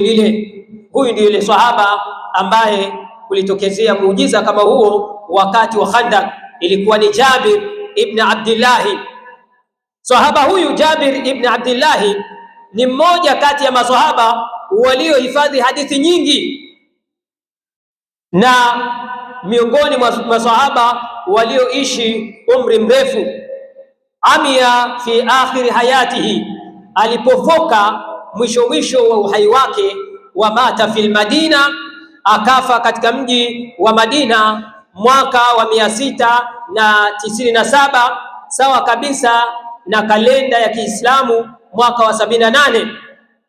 Ile huyu ndiye ile sahaba ambaye kulitokezea muujiza kama huo wakati wa Khandak, ilikuwa ni Jabir ibn Abdillahi. Sahaba huyu Jabir ibn Abdillahi ni mmoja kati ya maswahaba waliohifadhi hadithi nyingi, na miongoni mwa maswahaba walioishi umri mrefu. Amia fi akhiri hayatihi, alipofoka mwisho mwisho wa uhai wake, wa mata fil Madina, akafa katika mji wa Madina mwaka wa mia sita na tisini na saba sawa kabisa na kalenda ya Kiislamu mwaka wa sabini na nane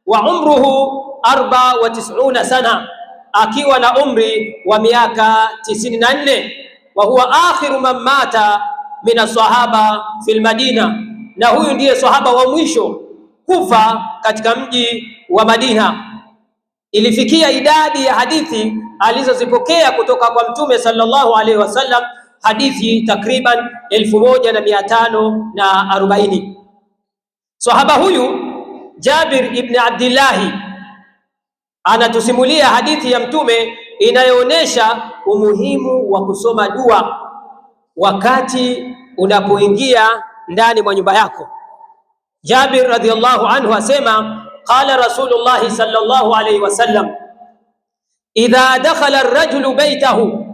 wa umruhu arba wa tisuna sana, akiwa na umri wa miaka tisini na nne wa huwa akhiru man mata min sahaba fil Madina, na huyu ndiye sahaba wa mwisho Kufa katika mji wa Madina ilifikia idadi ya hadithi alizozipokea kutoka kwa Mtume sallallahu alaihi wasallam, hadithi takriban elfu moja na mia tano na arobaini. Sahaba huyu Jabir ibn Abdillahi anatusimulia hadithi ya Mtume inayoonyesha umuhimu wa kusoma dua wakati unapoingia ndani mwa nyumba yako. Jabir radhiallahu anhu asema qala rasulullahi sallallahu alayhi wasallam, idha dakhala rajulu baitahu,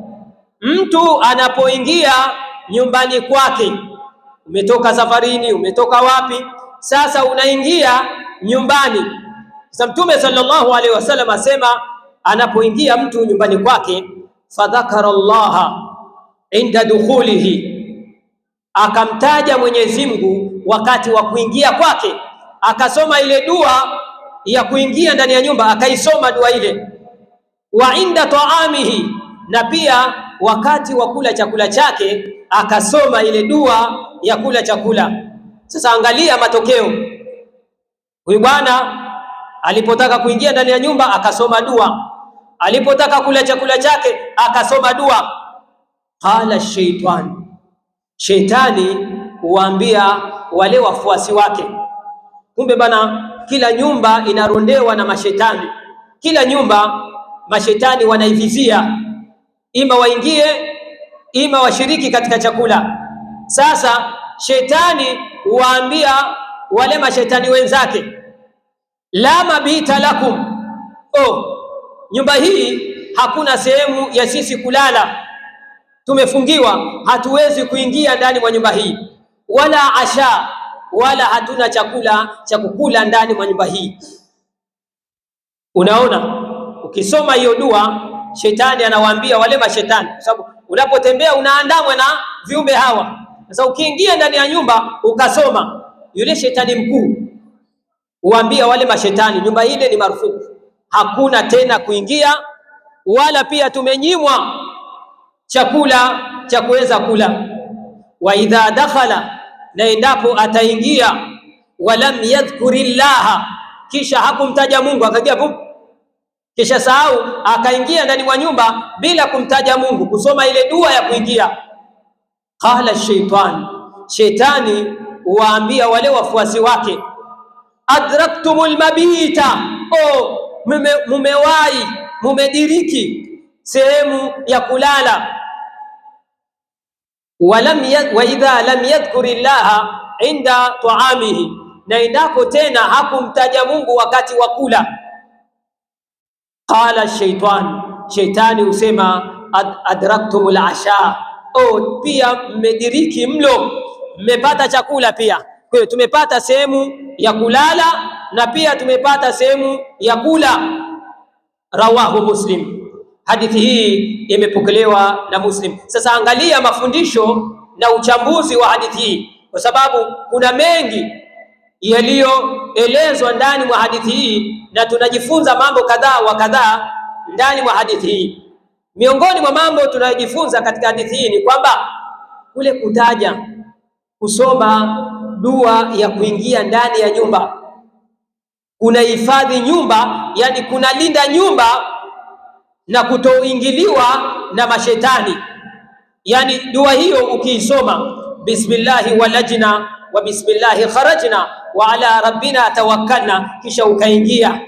mtu anapoingia nyumbani kwake. Umetoka safarini, umetoka wapi, sasa unaingia nyumbani. Sasa Mtume sallallahu alayhi wasallam asema anapoingia mtu nyumbani kwake, fadhakara llaha inda dukhulihi, akamtaja Mwenyezi Mungu wakati wa kuingia kwake, akasoma ile dua ya kuingia ndani ya nyumba, akaisoma dua ile. Wa inda taamihi, na pia wakati wa kula chakula chake akasoma ile dua ya kula chakula. Sasa angalia matokeo, huyu bwana alipotaka kuingia ndani ya nyumba akasoma dua, alipotaka kula chakula chake akasoma dua. Qala shaitan, sheitani huambia wale wafuasi wake. Kumbe bana, kila nyumba inarondewa na mashetani, kila nyumba mashetani wanaivizia, ima waingie, ima washiriki katika chakula. Sasa shetani waambia wale mashetani wenzake, la mabita lakum, oh, nyumba hii hakuna sehemu ya sisi kulala, tumefungiwa, hatuwezi kuingia ndani mwa nyumba hii wala asha, wala hatuna chakula cha kukula ndani mwa nyumba hii. Unaona, ukisoma hiyo dua, shetani anawaambia wale mashetani, kwa sababu unapotembea unaandamwa na viumbe hawa. Sasa ukiingia ndani ya nyumba ukasoma, yule shetani mkuu huambia wale mashetani, nyumba ile ni marufuku, hakuna tena kuingia, wala pia tumenyimwa chakula cha kuweza kula. wa idha dakhala na endapo ataingia walam yadhkuri llaha, kisha hakumtaja Mungu, akaingia pup, kisha sahau, akaingia ndani mwa nyumba bila kumtaja Mungu, kusoma ile dua ya kuingia. Qala shaitan, shetani waambia wale wafuasi wake, adraktumul mabita, o mumewahi mumediriki sehemu ya kulala wa idha lam yadhkur llaha inda taamihi, na endapo tena hakumtaja Mungu wakati wa kula, qala shaitan, shaitani husema ad adraktum lasha, oh, pia mmediriki mlo, mmepata chakula pia. Kwa hiyo tumepata sehemu ya kulala na pia tumepata sehemu ya kula. Rawahu Muslim. Hadithi hii imepokelewa na Muslim. Sasa angalia mafundisho na uchambuzi wa hadithi hii, kwa sababu kuna mengi yaliyoelezwa ndani mwa hadithi hii na tunajifunza mambo kadhaa wa kadhaa ndani mwa hadithi hii. Miongoni mwa mambo tunayojifunza katika hadithi hii ni kwamba kule kutaja kusoma dua ya kuingia ndani ya nyumba kuna hifadhi nyumba, yani kunalinda nyumba na kutoingiliwa na mashetani. Yani dua hiyo ukiisoma, bismillahi walajna wa bismillahi kharajna wa ala rabbina tawakkalna, kisha ukaingia,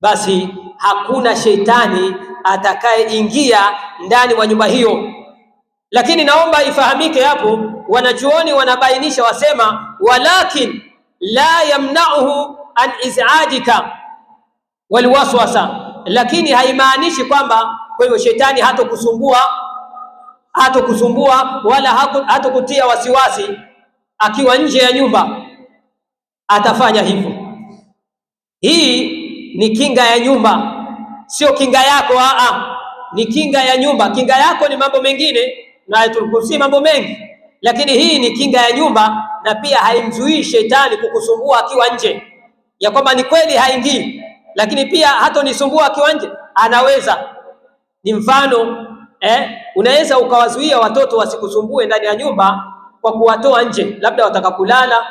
basi hakuna shetani atakayeingia ndani mwa nyumba hiyo. Lakini naomba ifahamike hapo, wanachuoni wanabainisha wasema, walakin la yamnauhu an izajika walwaswasa lakini haimaanishi kwamba kwa hiyo shetani hatokusumbua hatokusumbua wala hatokutia wasiwasi akiwa nje ya nyumba, atafanya hivyo. Hii ni kinga ya nyumba, sio kinga yako. Aa, ni kinga ya nyumba. Kinga yako ni mambo mengine na tulikusii mambo mengi, lakini hii ni kinga ya nyumba, na pia haimzuii shetani kukusumbua akiwa nje, ya kwamba ni kweli haingii lakini pia hata nisumbua akiwa nje anaweza. Ni mfano eh, unaweza ukawazuia watoto wasikusumbue ndani ya nyumba kwa kuwatoa nje, labda kulala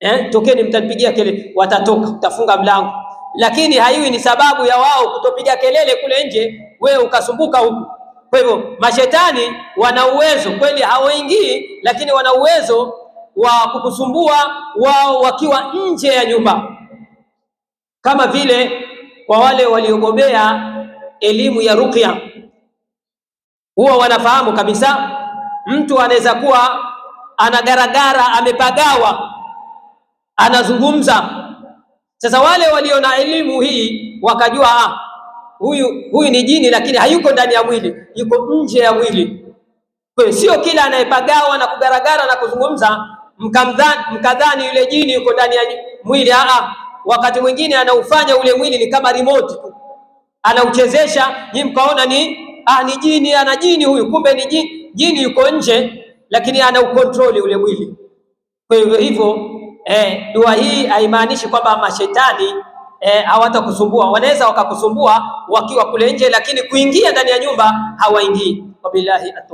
eh, tokeni, mtanipigia kelele, watatoka, utafunga mlango, lakini haiwi ni sababu ya wao kutopiga kelele kule nje, wewe ukasumbuka huku. Kwa hivyo mashetani wana uwezo kweli, hawaingii, lakini wana uwezo wa kukusumbua wao wakiwa nje ya nyumba kama vile kwa wale waliogobea elimu ya ruqya huwa wanafahamu kabisa, mtu anaweza kuwa anagaragara, amepagawa, anazungumza. Sasa wale walio na elimu hii wakajua, ah, huyu huyu ni jini, lakini hayuko ndani ya mwili, yuko nje ya mwili. Kwa sio kila anayepagawa na kugaragara na kuzungumza mkadhani yule jini yuko ndani ya mwili. Ah, ah wakati mwingine anaufanya ule mwili ni kama remote tu, anauchezesha ni mkaona ni ah, ni jini, ana jini huyu, kumbe ni jini. Jini yuko nje, lakini ana ukontroli ule mwili. Kwa hivyo hivyo eh, dua hii haimaanishi kwamba mashetani eh, hawatakusumbua. Wanaweza wakakusumbua wakiwa kule nje, lakini kuingia ndani ya nyumba hawaingii. Wabillahi at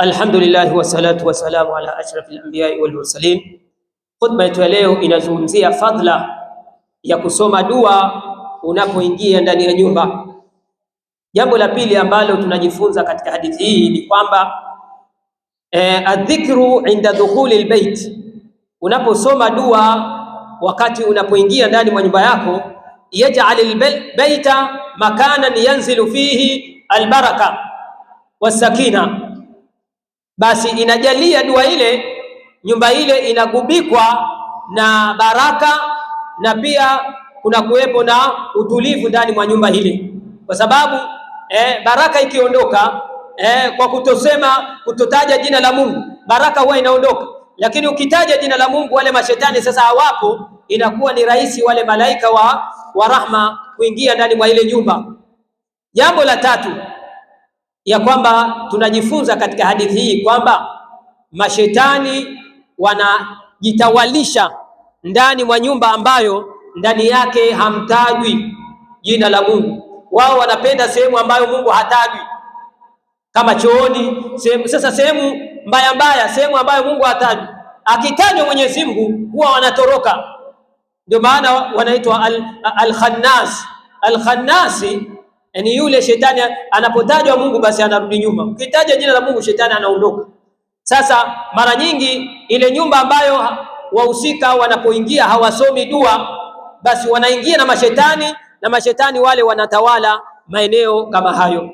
Alhamdulillah wassalatu wassalamu ala ashrafil anbiyai wal mursalin. Khutba yetu ya leo inazungumzia fadhila ya kusoma dua unapoingia ndani ya nyumba. Jambo la pili ambalo tunajifunza katika hadithi hii ni kwamba eh, adhikru inda dukhuli lbeit, unaposoma dua wakati unapoingia ndani mwa nyumba yako, yaj'al lbeita makanan yanzilu fihi albaraka wasakina basi inajalia dua ile, nyumba ile inagubikwa na baraka na pia kuna kuwepo na utulivu ndani mwa nyumba hili, kwa sababu eh, baraka ikiondoka eh, kwa kutosema kutotaja jina la Mungu, baraka huwa inaondoka, lakini ukitaja jina la Mungu wale mashetani sasa hawapo, inakuwa ni rahisi wale malaika wa, wa rahma kuingia ndani mwa ile nyumba. Jambo la tatu ya kwamba tunajifunza katika hadithi hii kwamba mashetani wanajitawalisha ndani mwa nyumba ambayo ndani yake hamtajwi jina la Mungu. Wao wanapenda sehemu ambayo Mungu hatajwi, kama chooni, sehemu sasa, sehemu mbaya mbaya, sehemu ambayo Mungu hatajwi. Akitajwa Mwenyezi Mungu huwa wanatoroka, ndio maana wanaitwa al-khannas al-khannasi Yaani yule shetani anapotajwa Mungu basi anarudi nyuma. Ukitaja jina la Mungu shetani anaondoka. Sasa mara nyingi ile nyumba ambayo wahusika wanapoingia hawasomi dua, basi wanaingia na mashetani na mashetani wale wanatawala maeneo kama hayo.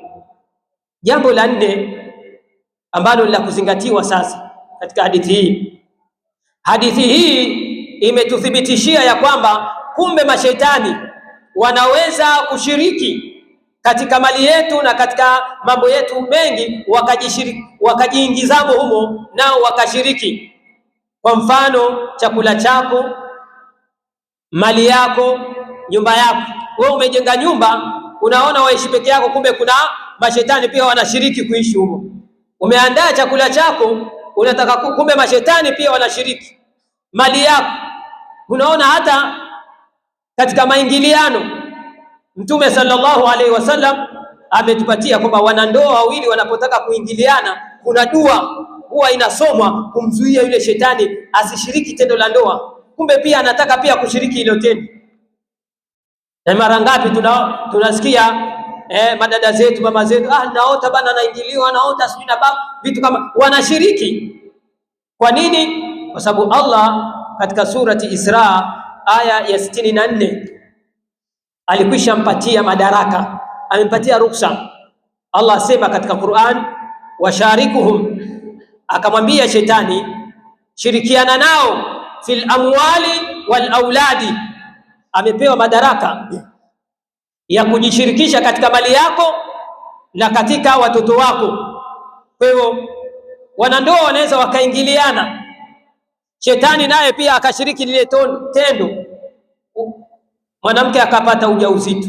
Jambo la nne ambalo la kuzingatiwa sasa katika hadithi hii, hadithi hii imetuthibitishia ya kwamba kumbe mashetani wanaweza kushiriki katika mali yetu na katika mambo yetu mengi, wakajiingizamo humo, nao wakashiriki. Kwa mfano, chakula chako, mali yako, nyumba yako. Wewe umejenga nyumba, unaona waishi peke yako, kumbe kuna mashetani pia wanashiriki kuishi humo. Umeandaa chakula chako, unataka kumbe mashetani pia wanashiriki. Mali yako, unaona hata katika maingiliano Mtume sallallahu alaihi wasallam ametupatia kwamba wanandoa wawili wanapotaka kuingiliana, kuna dua huwa inasomwa kumzuia yule shetani asishiriki tendo la ndoa. Kumbe pia anataka pia kushiriki hilo tendo, na mara ngapi tunasikia eh, madada zetu mama zetu, ah, naota bana, naingiliwa, naota, sijui na baba, vitu kama wanashiriki. Kwa nini? Kwa sababu Allah katika surati Isra aya ya sitini na nne alikwisha mpatia madaraka, amempatia ruksa. Allah asema katika Qur'an, washarikuhum, akamwambia shetani, shirikiana nao fil amwali wal auladi. Amepewa madaraka ya kujishirikisha katika mali yako na katika watoto wako. Kwa hiyo wanandoa wanaweza wakaingiliana, shetani naye pia akashiriki lile tendo mwanamke akapata ujauzito,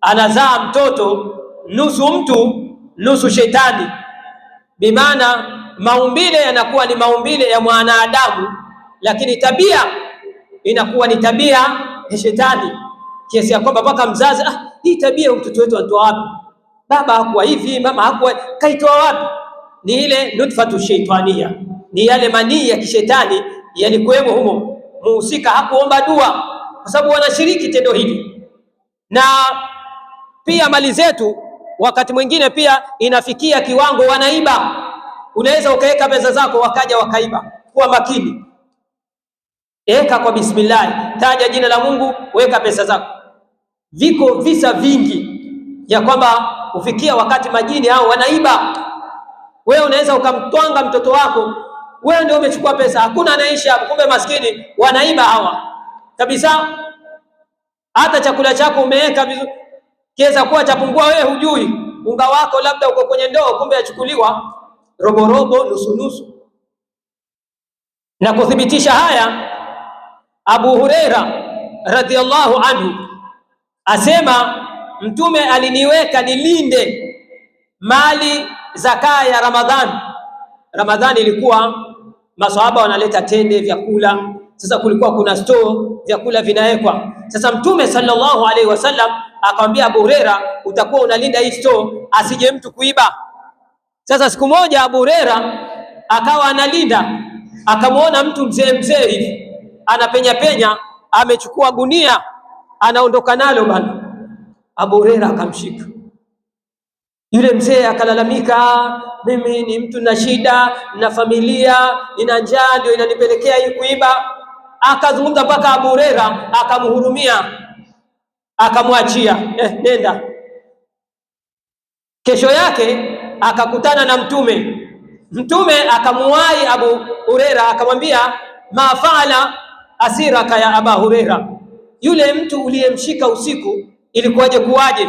anazaa mtoto nusu mtu nusu shetani, bimaana maumbile yanakuwa ni maumbile ya mwanadamu, lakini tabia inakuwa ni tabia ya shetani, kiasi ya kwamba mpaka mzazi ah, hii tabia mtoto wetu anatoa wapi? Baba hakuwa hivi, mama hakuwa, kaitoa wapi? Ni ile nutfatu shaitania, ni yale manii ya kishetani yalikuwemo humo. Muhusika hakuomba dua kwa sababu wanashiriki tendo hili. Na pia mali zetu wakati mwingine pia inafikia kiwango wanaiba. Unaweza ukaweka pesa zako wakaja wakaiba. Kuwa makini, eka kwa bismillah, taja jina la Mungu, weka pesa zako. Viko visa vingi ya kwamba hufikia wakati majini hao wanaiba. Wewe unaweza ukamtwanga mtoto wako, wewe ndio umechukua pesa, hakuna anaishi kumbe maskini wanaiba hawa kabisa. Hata chakula chako umeweka vizuri, kiweza kuwa chapungua, wewe hujui. Unga wako labda uko kwenye ndoo, kumbe yachukuliwa robo robo, nusu nusu. Na kuthibitisha haya, Abu Huraira radhiallahu anhu asema, Mtume aliniweka nilinde mali zakaa ya Ramadhani. Ramadhani ilikuwa maswahaba wanaleta tende, vyakula sasa kulikuwa kuna store vyakula vinawekwa. Sasa Mtume sallallahu alaihi wasallam akamwambia Abu Huraira, utakuwa unalinda hii store asije mtu kuiba. Sasa siku moja Abu Huraira akawa analinda, akamwona mtu mzee mzee hivi anapenya penya, amechukua gunia anaondoka nalo bana. Abu Huraira akamshika yule mzee, akalalamika, mimi ni mtu na shida na familia, nina njaa, ndio inanipelekea hii kuiba akazungumza mpaka Abu Huraira akamhurumia, akamwachia eh, nenda. Kesho yake akakutana na Mtume. Mtume akamuwai Abu Huraira akamwambia, ma faala asiraka ya Aba Huraira, yule mtu uliyemshika usiku ilikuwaje? Kuwaje?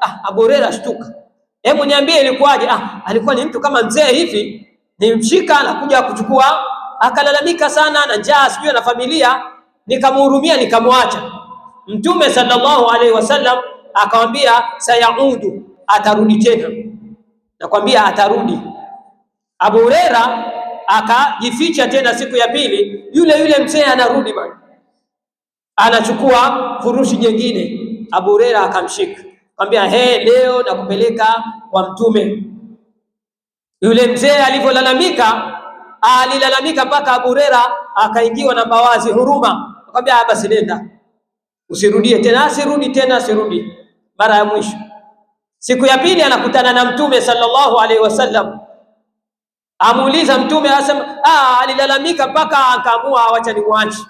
Ah, Abu Huraira shtuka, hebu niambie ilikuwaje? Ah, alikuwa ni mtu kama mzee hivi, nimshika na kuja kuchukua akalalamika sana na njaa, sijui na familia, nikamhurumia nikamwacha. Mtume sallallahu alaihi wasallam akamwambia sayaudu, atarudi tena, nakwambia atarudi. Abu Huraira akajificha tena, siku ya pili yule yule mzee anarudi bwana, anachukua furushi jingine. Abu Huraira akamshika akamwambia, he, leo nakupeleka kwa Mtume. Yule mzee alivyolalamika Ah, alilalamika mpaka Abu Huraira akaingiwa na mawazi huruma, akamwambia ah, basi nenda, usirudie tena, asirudi ah, tena, asirudi. Mara ya mwisho, siku ya pili anakutana na Mtume sallallahu alaihi wasallam, amuuliza Mtume asema, ah, alilalamika mpaka akaamua, awacha nimwache.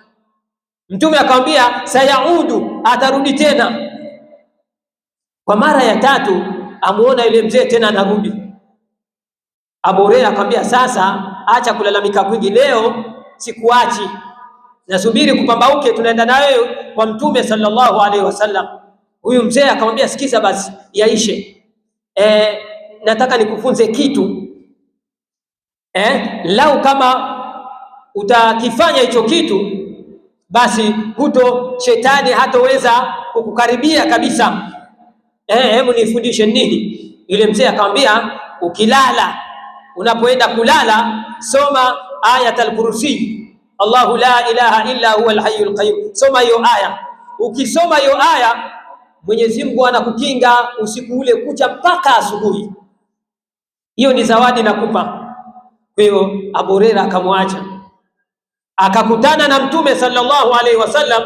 Mtume akamwambia sayaudu, atarudi tena. Kwa mara ya tatu amuona yule mzee tena anarudi. Abu Huraira akamwambia sasa acha kulalamika kwingi. Leo sikuachi, nasubiri kupambauke, tunaenda na wewe kwa Mtume sallallahu alaihi wasallam. Huyu mzee akamwambia, sikiza basi yaishe, e, nataka nikufunze kitu e, lau kama utakifanya hicho kitu basi huto shetani hatoweza kukukaribia kabisa. E, hebu e, nifundishe nini? Yule mzee akamwambia, ukilala unapoenda kulala soma ayatul kursi, Allahu la ilaha illa huwa alhayyul qayyum. Soma hiyo aya. Ukisoma hiyo aya, Mwenyezi Mungu anakukinga usiku ule kucha mpaka asubuhi. Hiyo ni zawadi nakupa. Kwa hiyo Abu Huraira akamwacha, akakutana na Mtume sallallahu alaihi wasallam.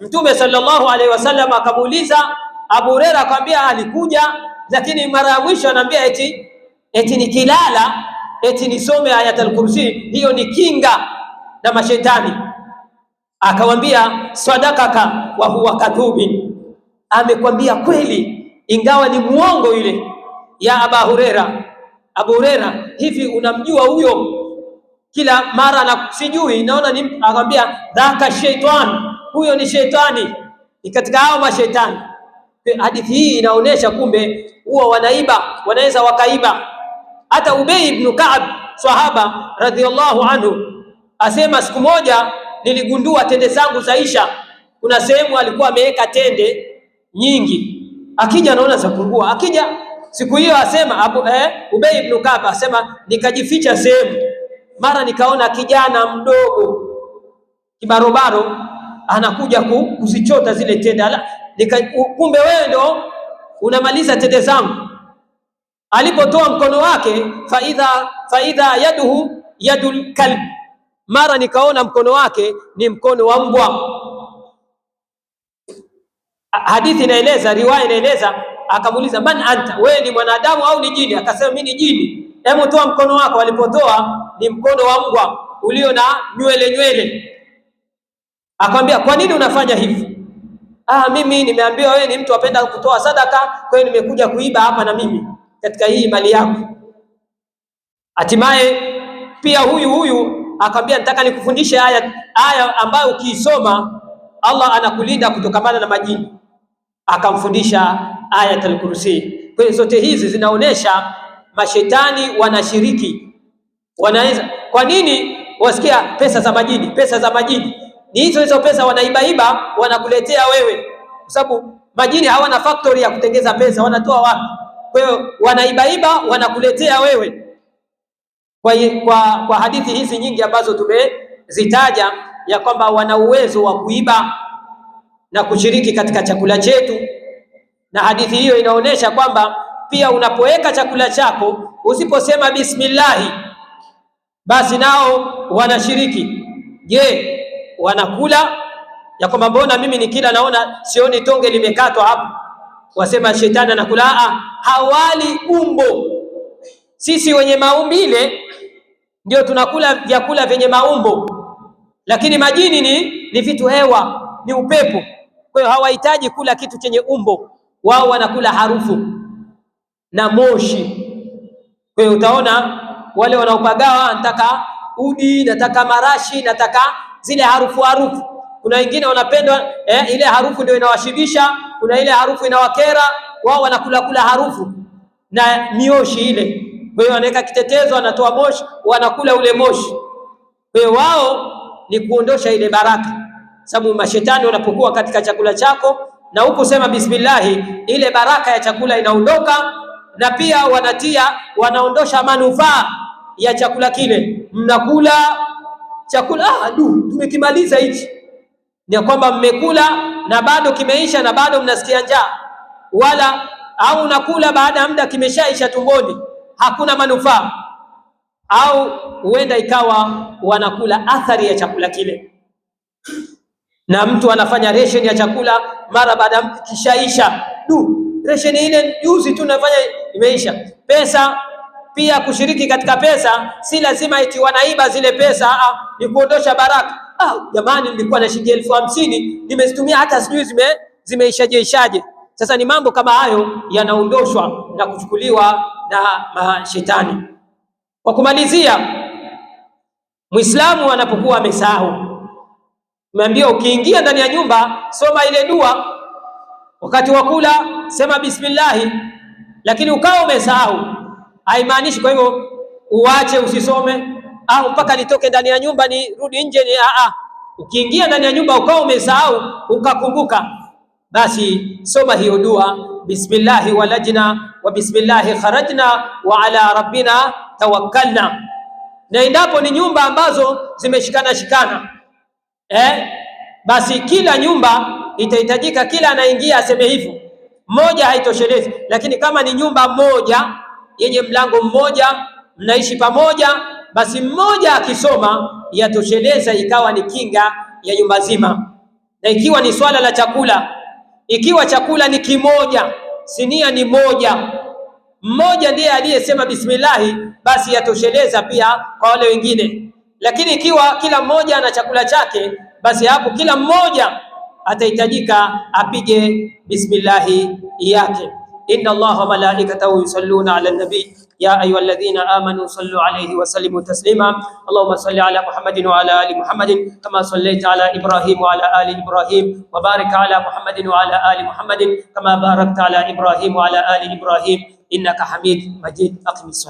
Mtume sallallahu alaihi wasallam akamuuliza Abu Huraira, akamwambia alikuja, lakini mara ya mwisho anaambia eti eti nikilala eti nisome Ayatul Kursi, hiyo ni kinga na mashetani. Akawambia sadakaka wa huwa kadhubi, amekwambia kweli ingawa ni muongo yule. Ya Aba Hurera, Abu Hurera, hivi unamjua huyo? Kila mara na sijui naona ni akamwambia, dhaka shaitani, huyo ni shetani, ni katika hao mashetani. Hadithi hii inaonyesha kumbe huwa wanaiba, wanaweza wakaiba hata Ubay ibn Ka'b sahaba radhiallahu anhu asema, siku moja niligundua tende zangu zaisha. Kuna sehemu alikuwa ameweka tende nyingi, akija naona zapungua, akija siku hiyo asema Abu, eh, Ubay ibn Ka'b asema nikajificha sehemu, mara nikaona kijana mdogo kibarobaro anakuja kuzichota zile tende. Ala, kumbe wewe ndo unamaliza tende zangu alipotoa mkono wake, faidha faidha yaduhu yadul kalb, mara nikaona mkono wake ni mkono wa mbwa. Hadithi inaeleza, riwaya inaeleza, akamuuliza man anta, wewe ni mwanadamu au ni jini? Akasema mimi ni jini. Hebu toa mkono wako. Alipotoa ni mkono wa mbwa ulio na nywele nywele. Akamwambia, kwa nini unafanya hivi? Ah, mimi nimeambiwa wewe ni mtu apenda kutoa sadaka, kwa hiyo nimekuja kuiba hapa na mimi katika hii mali yako. Hatimaye pia huyu huyu akamwambia, nataka nikufundishe aya, aya ambayo ukiisoma Allah anakulinda kutokamana na majini. Akamfundisha Ayatul Kursi. Kwa hiyo zote hizi zinaonesha mashetani wanashiriki, wanaweza. Kwa nini wasikia pesa za majini? Pesa za majini ni hizo hizo pesa wanaibaiba, wanakuletea wewe, kwa sababu majini hawana factory ya kutengeza pesa, wanatoa wapi? Kwa hiyo wanaibaiba wanakuletea wewe kwa, kwa, kwa hadithi hizi nyingi ambazo tumezitaja ya kwamba wana uwezo wa kuiba na kushiriki katika chakula chetu, na hadithi hiyo inaonyesha kwamba pia unapoweka chakula chako usiposema bismillahi, basi nao wanashiriki. Je, wanakula ya kwamba mbona mimi nikila naona sioni tonge limekatwa hapo, wasema shetani anakula hawali umbo. Sisi wenye maumbile ndio tunakula vyakula vyenye maumbo, lakini majini ni ni vitu hewa, ni upepo. Kwa hiyo hawahitaji kula kitu chenye umbo, wao wanakula harufu na moshi. Kwa hiyo utaona wale wanaopagawa, nataka udi, nataka marashi, nataka zile harufu harufu. Kuna wengine wanapendwa eh, ile harufu ndio inawashibisha, kuna ile harufu inawakera wao wanakula kula harufu na mioshi ile. Kwa hiyo wanaweka kitetezo, wanatoa moshi, wanakula ule moshi. Kwa hiyo wao ni kuondosha ile baraka, sababu mashetani wanapokuwa katika chakula chako na hukusema bismillahi, ile baraka ya chakula inaondoka, na pia wanatia wanaondosha manufaa ya chakula kile. Mnakula chakula ah, du tumekimaliza hichi, ni kwamba mmekula na bado kimeisha na bado mnasikia njaa wala au unakula baada ya muda kimeshaisha tumboni, hakuna manufaa, au huenda ikawa wanakula athari ya chakula kile, na mtu anafanya ration ya chakula mara baada ya kishaisha. Du, ration ile juzi tu nafanya imeisha. Pesa pia, kushiriki katika pesa si lazima eti wanaiba zile pesa, ni kuondosha baraka. Ah, jamani, nilikuwa na shilingi elfu hamsini nimezitumia hata sijui zime ishaje. Sasa ni mambo kama hayo yanaondoshwa na kuchukuliwa na mashetani. Kwa kumalizia, Muislamu anapokuwa amesahau, umeambia ukiingia ndani ya nyumba soma ile dua, wakati wa kula sema bismillahi, lakini ukawa umesahau, haimaanishi kwa hivyo uache usisome au mpaka nitoke ndani ya nyumba nirudi nje. Ni a ah, a, ah. ukiingia ndani ya nyumba ukawa umesahau ukakumbuka basi soma hiyo dua, bismillahi walajna wa bismillahi kharajna wa ala rabbina tawakkalna. Na endapo ni nyumba ambazo zimeshikana shikana, eh, basi kila nyumba itahitajika, kila anaingia aseme hivyo, moja haitoshelezi. Lakini kama ni nyumba moja yenye mlango mmoja, mnaishi pamoja, basi mmoja akisoma yatosheleza, ikawa ni kinga ya nyumba zima. Na ikiwa ni swala la chakula ikiwa chakula ni kimoja, sinia ni moja, mmoja ndiye aliyesema bismillahi, basi yatosheleza pia kwa wale wengine. Lakini ikiwa kila mmoja ana chakula chake, basi hapo kila mmoja atahitajika apige bismillahi yake. inna Allaha wa malaikatahu yusalluna ala nabii يا أيها الذين آمنوا صلوا عليه وسلموا تسليما اللهم صل على محمد وعلى آل محمد كما صليت على إبراهيم وعلى آل إبراهيم وبارك على محمد وعلى آل محمد كما باركت على إبراهيم وعلى آل إبراهيم إنك حميد مجيد أقم الصلاة